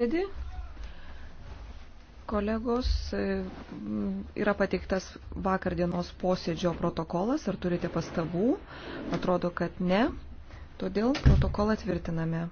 Sėdi. Kolegos, e, yra pateiktas vakar dienos posėdžio protokolas. Ar turite pastabų? Atrodo, kad ne. Todėl protokolą tvirtiname.